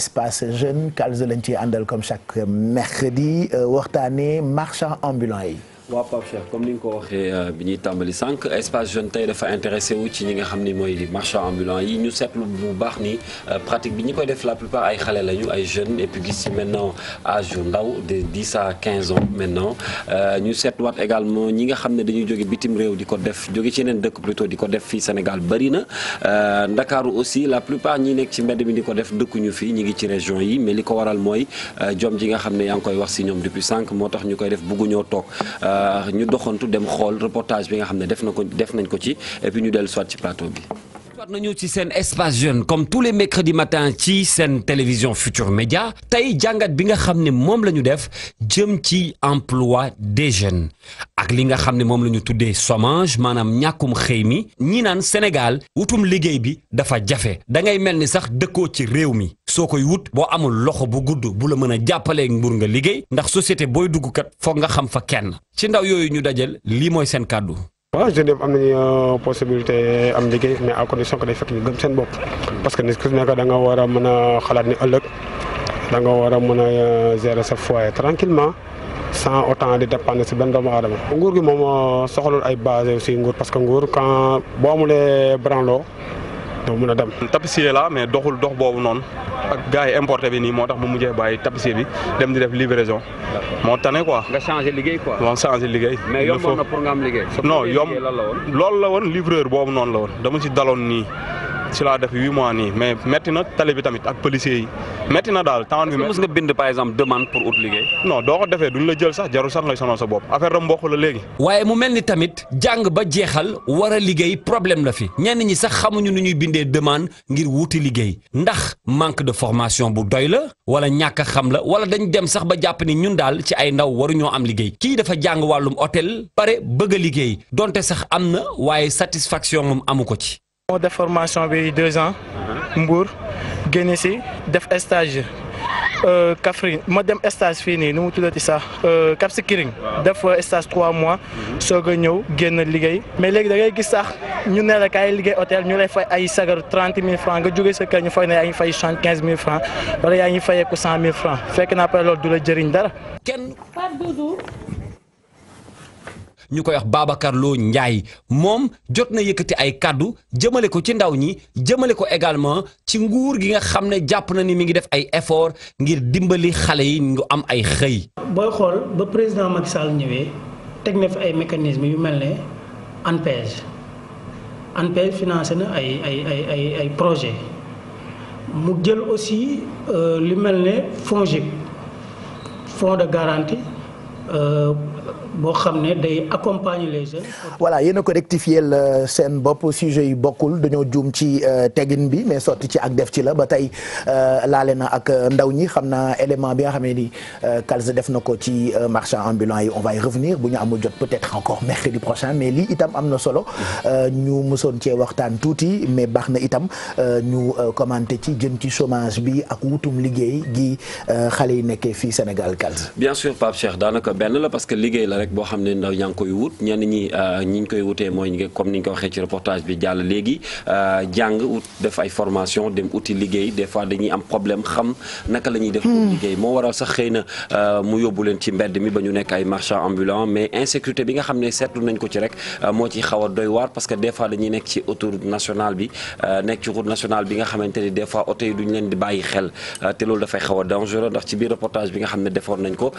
espace jeune Kalzo lañ ciy àndal comme chaque mercredi euh, waxtaanee marchand ambulant yi. waaw Pape comme ni nga ko waxee euh, bi ñuy tàmbali sànq espace jeune tey dafa intéressé wu ci ñi nga xam ni mooy marchand ambulant yi ñu seetlu bu baax ni euh, pratique bi ñi koy def la plupart ay xale lañu ay jeunes et puis gis ci maintenant âge ndaw de 10 à 15 ans maintenant euh, ñu seetluwaat également ñi nga xam ne dañuy jóge bitim réew di ko def jóge ci yeneen dëkk plutôt di ko def fii Sénégal bëri na Ndakaaru aussi la plupart ñi nekk ci mbedd mi di ko def dëkkuñu fii ñi ngi ci région yi mais li ko waral mooy jom ji nga xam ne yaa ngi koy wax si ñoom depuis sànq moo tax ñu koy def bugguñoo toog Euh, ñu doxantu dem xool reportage bi nga xam ne def na ko def nañ ko ci et ñu dellu soit ci plateau bi ñëwaat nañu ci seen espace jeune comme tous les mercredis matin ci seen télévision Futur Média tey jàngat bi nga xam ne moom la ñu def jëm ci emploi des jeunes ak li nga xam ne moom la ñu tuddee chômage maanaam ñàkkum xëy mi ñi naan Sénégal wutum liggéey bi dafa jafe dangay mel ni sax dëkkoo ci réew mi soo koy wut boo amul loxo bu gudd bu la mën a jàppalee mbur nga liggéey ndax société booy dugg kat foog nga xam fa kenn ci ndaw yooyu ñu dajal lii mooy seen kàddu. waaw jeunes yëpp am nañu euh, possibilité am liggéey mais à condition que day fekk ñu gëm seen bopp parce que nit ku nekk da nga war a mën a xalaat ni ëllëg da nga war a mën a euh, gérer sa foyer tranquillement sans autant di dépendre si benn doomu aadama nguur gi moom euh, soxlul ay base aussi nguur parce que nguur ka boo amulee branlo oto mun a dem. tapissier la mais doxul dox boobu noonu ak gars yi importé bi nii moo tax mu mujjee bàyyi tapissier bi dem di def livraison. moo tane quoi. nga changé liggéey quoi. moo changé liggéey. mais yomboon na la woon livreur boobu noonu la woon dama ci daloon nii. ci laa def huit mois nii mais métti na tali bi tamit ak policier yi métti na daal temps bi. nga bind par exemple demande pour ut liggéey. non doo ko defee duñ la jël sax jarul sax ngay sonal sa bopp affaire da mboq la léegi. waaye mu mel ni tamit jàng ba jeexal war liggéey problème la fi ñenn ñi sax xamuñu nu ñuy bindee demande ngir wuti liggéey ndax manque de formation bu doy la wala ñàkk xam la wala dañ dem sax ba jàpp ni ñun daal ci ay ndaw waruñoo am liggéey kii dafa jàng wàllum hôtel pare bëgg a donte sax am na waaye satisfaction moom amu ko ci. moo def formation bi deux ans Mbour génne si def stage euh, Kaffrine ma dem stage fii nii nu mu tuddati sax euh, Cap Skirring def stage trois mois mhm. soo a ñëw génn liggéey mais léegi da ngay gis sax ñu ne la kaay liggéey hôtel ñu lay fay ay sagaru trente mille franc nga jógee sa kër ñu fay ne yaa ngi fay soixante quinze mille franc wala yaa ngi fayeeku cent mille franc fekk naa après loolu du la jëriñ dara kenn ñu koy wax Babacar loo Ndiaye moom jot na yëkkati ay kàddu jëmale ko ci ndaw ñi jëmale ko également ci nguur gi nga xam ne jàpp na ni mi ngi def ay effort ngir dimbali xale yi ñu am ay xëy. booy xool ba président Macky Sall ñëwee teg na fi ay mécanismes yu mel ne ANPEJ ANPEJ financé na ay ay ay ay ay projet mu jël aussi euh, lu mel ne FONGIP fonds de garantie. Euh, boo xam ne day accompagner les jeunes. voilà yéen a ko rectifier seen bopp sujet yi bokkul dañoo juum ci euh, tegin bi mais sotti ci ak def ci la ba tey euh, laale na ak euh, ndaw ñi xam naa élément bi nga xam ne ni Calze def na ko ci marchand ambulant yi on va y revenir bu ñu amul jot peut-être encore mercredi prochain mais lii itam am na solo ñu mësoon cee waxtaan tuuti mais baax na itam ñu commenter ci jëm ci chomage bi ak wutum liggéey gi xale yi nekkee fii Sénégal Calze. bien daanaka benn la parce que liggéey la. rek boo xam ne ndaw ñaa ngi koy wut ñenn ñi euh, ñi ñu koy wutee mooy comme ni ñu ko waxee ci reportage bi jàll léegi euh, jàng wut def ay formation dem uti liggéey des fois dañuy la ñuy def hmm. liggéey moo waral sax na euh, mu yóbbu leen ci mbedd mi ba ñu nekk ay marchand ambulant mais insécurité bi nga xam ne seetlu nañ ko ci rek moo ci xaw a doy waar parce que des fois dañuy nekk ci autoroute nationale bi nekk ci route nationale bi nga xamante ni des fois oto yi duñ leen di bàyyi xel te loolu dafay xaw a ndax ci biir reportage bi nga xam ne defoon nañ ko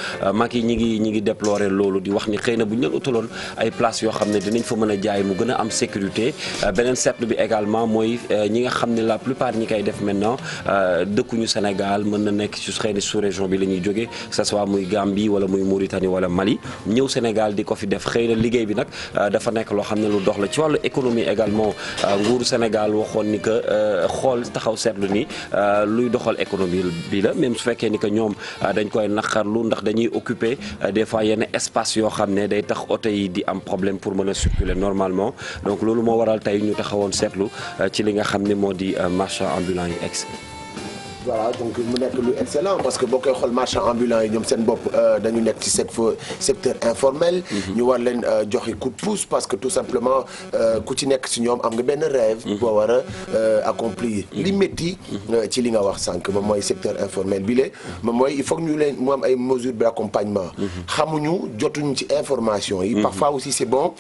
di wax ni xëy na bu ñu leen utaloon ay place yoo xam ne dinañ fa mën a jaay mu gën a am sécurité euh, beneen seetlu bi également mooy euh, ñi nga xam ne la plupart ñi koy def maintenant euh, dëkkuñu Sénégal mën na nekk su xëy na sous région bi la ñuy jógee que ce soit muy Gambie wala muy Mauritanie wala Mali ñëw Sénégal di ko fi def xëy na liggéey bi nag dafa nekk loo xam ne lu dox la ci wàllu économie également nguuru Sénégal waxoon ni que xool taxaw seetlu ni luy doxal économie bi la même su fekkee ni que ñoom dañ koy naqarlu ndax dañuy occuper des yoo xam ne day tax oto yi di am problème pour mana a circuler normalement donc loolu moo waral tey ñu taxawoon seetlu euh, ci li nga xam ne moo di euh, marchand ambulant yi ex waaw donc mu nekk lu excellent parce que boo koy xool marchand ambulant yi ñoom seen bopp euh, dañu nekk ci cette secteur informel. Mhm. ñu war leen euh, joxe coup de parce que tout simplement euh, ku ci nekk si ñoom am nga benn rêve. Mhm. boo war accomplir. Mhm. li métti ci li nga wax sànq moom mooy secteur informel bi la moom mooy il faut que ñu leen mu am ay mesures d'accompagnement. xamuñu jotuñu ci information yi. parfois aussi c'est bon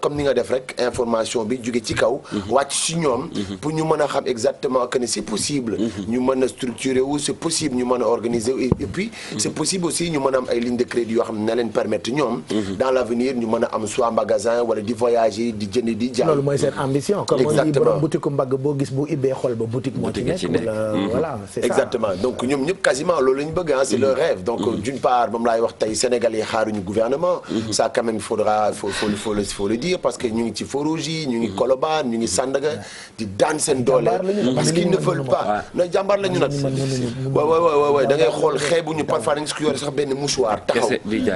comme ni nga def rek information bi jóge ci kaw. wàcc si ñoom. pour ñu mën a xam exactement que ne c'est structuré possible ñu mën a et puis c' possible ñu mën a am ay ligne de crédit yoo xam ne na ñoom dans l' ñu mën am soit magasin wala di voyager di jënd di jaay loolu mooy seen ambition comme ni mbagg boo gis bu ibbee ba boutique moo ci nekk voilà c' est ça exactement donc quasiment loolu ñu bëgg ah c' est donc d' une part moom laay wax tey Sénégal yi xaaruñu gouvernement ça quand même il faudra faut faut le dire parce que ñu ñu waaw waaw waaw da ngay xool xeebuñu parfois da nga si yore sax benn mouchoir taxaw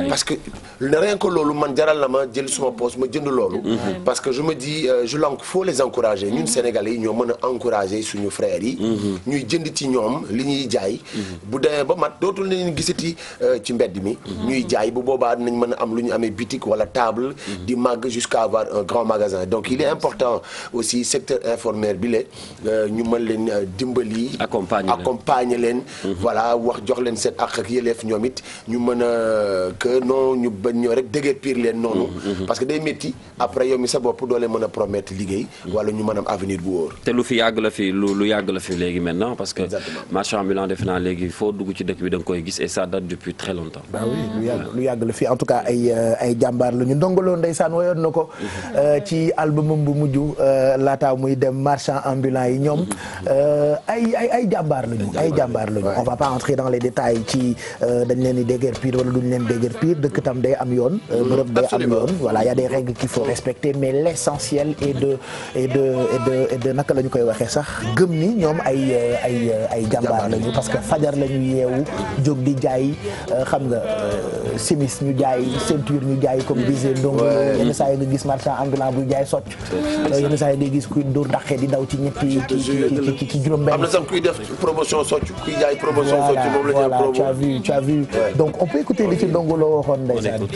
parce que rien que loolu man jaral na ma jël suma poche ma jënd loolu mhm. parce que je me dis euh, je l'en faut ñun mhm. sénégalais yi ñoo mën a encourager suñu frères yi mhm. ñuy jënd ci ñoom li ñuy jaay bu demee ba mat dootul leen gisati euh, ci mbedd mi ñuy jaay bu boobaat nañ mën a am lu ñu amee boutique wala table di màgg jusqu'à avoir un grand magasin donc il est important aussi secteur informel bi la euh, ñu mën leen dimbali accompagner accompagner leen. Mhm. voilà wax jox leen seen àq ak yëleef ñoom it ñu mën a que non ñu bañ ñoo rek déggee piir leen noonu. Mhm, mhm. parce que day métti après yow mi sa bopp doo leen mën a promettre liggéey. wala ñu mën a am avenir bu wóor. te lu fi yàgg la fi lu lu yàgg la fi léegi maintenant parce que. marchand ambulant defe naa léegi foo dugg ci dëkk bi da nga koy gis et ça date depuis très longtemps. lu yàgg la fi en tout cas ay euh, jàmbaar la ñu ndongoloo ndeysaan woyoon na ko. Euh, ci albumam bu mujj euh, laataa muy dem marchand ambulant yi ñoom. ay ay ay jàmbaar lañu ay jàmbaar lañu on va pas entrer dans les détails ci euh, dañ leen di déguerpir wala duñ leen déguerpir dëkk tam day am yoon euh, mm-hmm. bërëb day am yoon voilà y a des mm-hmm. règles faut respecter mais l'essentiel et de naka la koy waxee sax gëm ni ñoom ay euh, ay ay jàmbaar lañu parce que fajar la ñu yeewu jóg di jaay xam nga simis ñu jaay ceinture ñu jaay comme disait mm-hmm. donc yenn saa yi nga gis marchand ambulant buy jaay socc yenn saa yi ngay gis kuy dóor daqee di daw ci ñetti ci ci promotion soccu kuy jaay promotion soccu moom la ñuy promo. voilà tu as vu tu as vu donc on peut écouter li ci Ndongo Lo waxoon ndeysaan.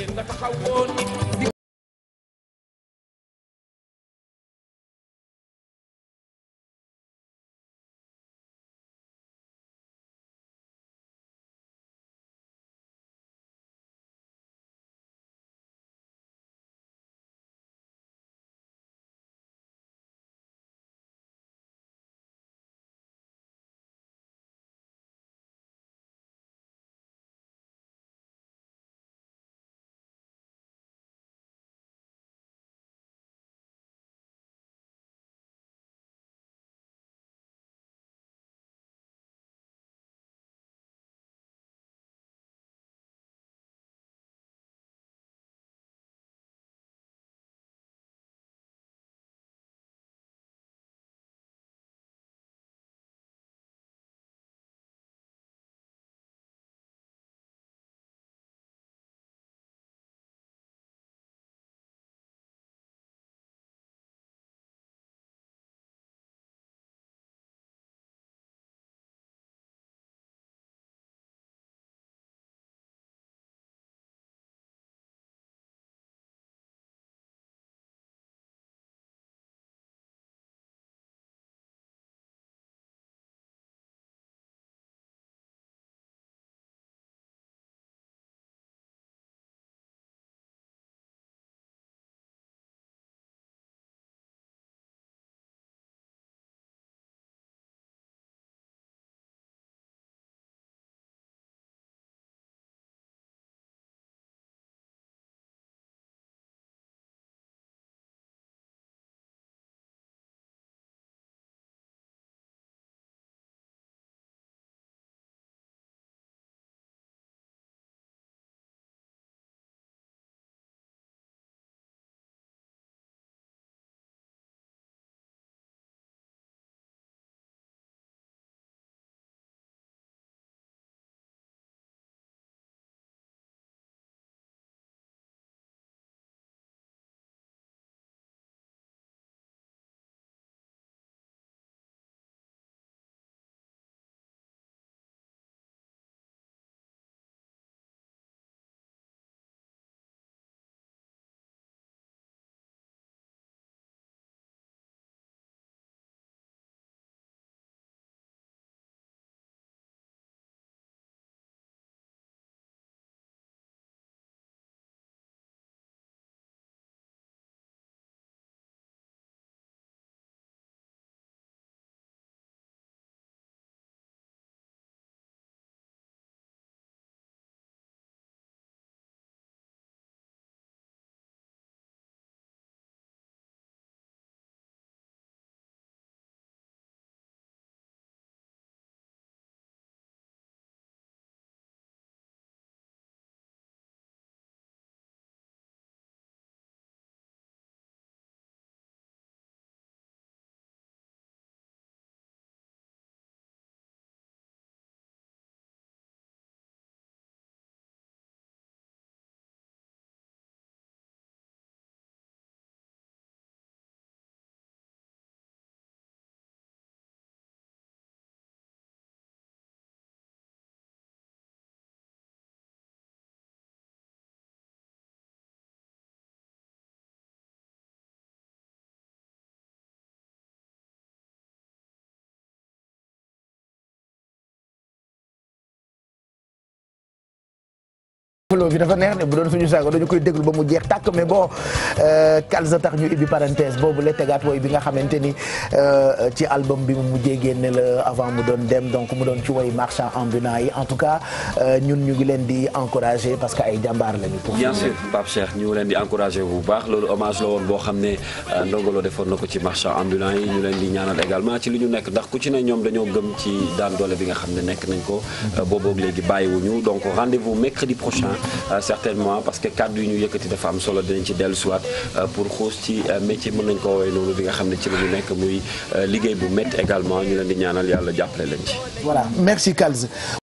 xuloo dafa neex ne bu doon suñu sago dañu koy déglu ba mu jeex tàkk mais bon kalsa euh, tax ñu ibbi parenthèse boobu la tegaat woy bi nga xamante ni euh, ci album bi mu mujjee génne la avant mu doon dem donc mu doon ci woy marchand ambulant yi en tout cas euh, ñun ñu ngi leen di encouragé parce que ay jàmbaar lañu pour bien sûr Pape Cheikh ñu leen di encouragé bu baax loolu hommage la woon boo xam ne Ndongo Lo defoon na ko ci marchand ambulant yi ñu leen di ñaanal également ci li ñu nekk ndax ku ci ne ñoom dañoo gëm ci daan doole bi nga xam ne nekk nañ ko mm-hmm. booboog léegi bàyyiwuñu donc rendez-vous mercredi prochain Euh, certainement parce que kàddu yi ñu yëkkati dafa am solo dinañ ci dellu siwaat euh, pour xuus ci euh, métier mën nañ ko woowee noonu bi nga xam ne ci la ñu nekk muy liggéey bu métti également ñu leen di ñaanal yàlla jàppale lañ ci. voilà merci Kalz.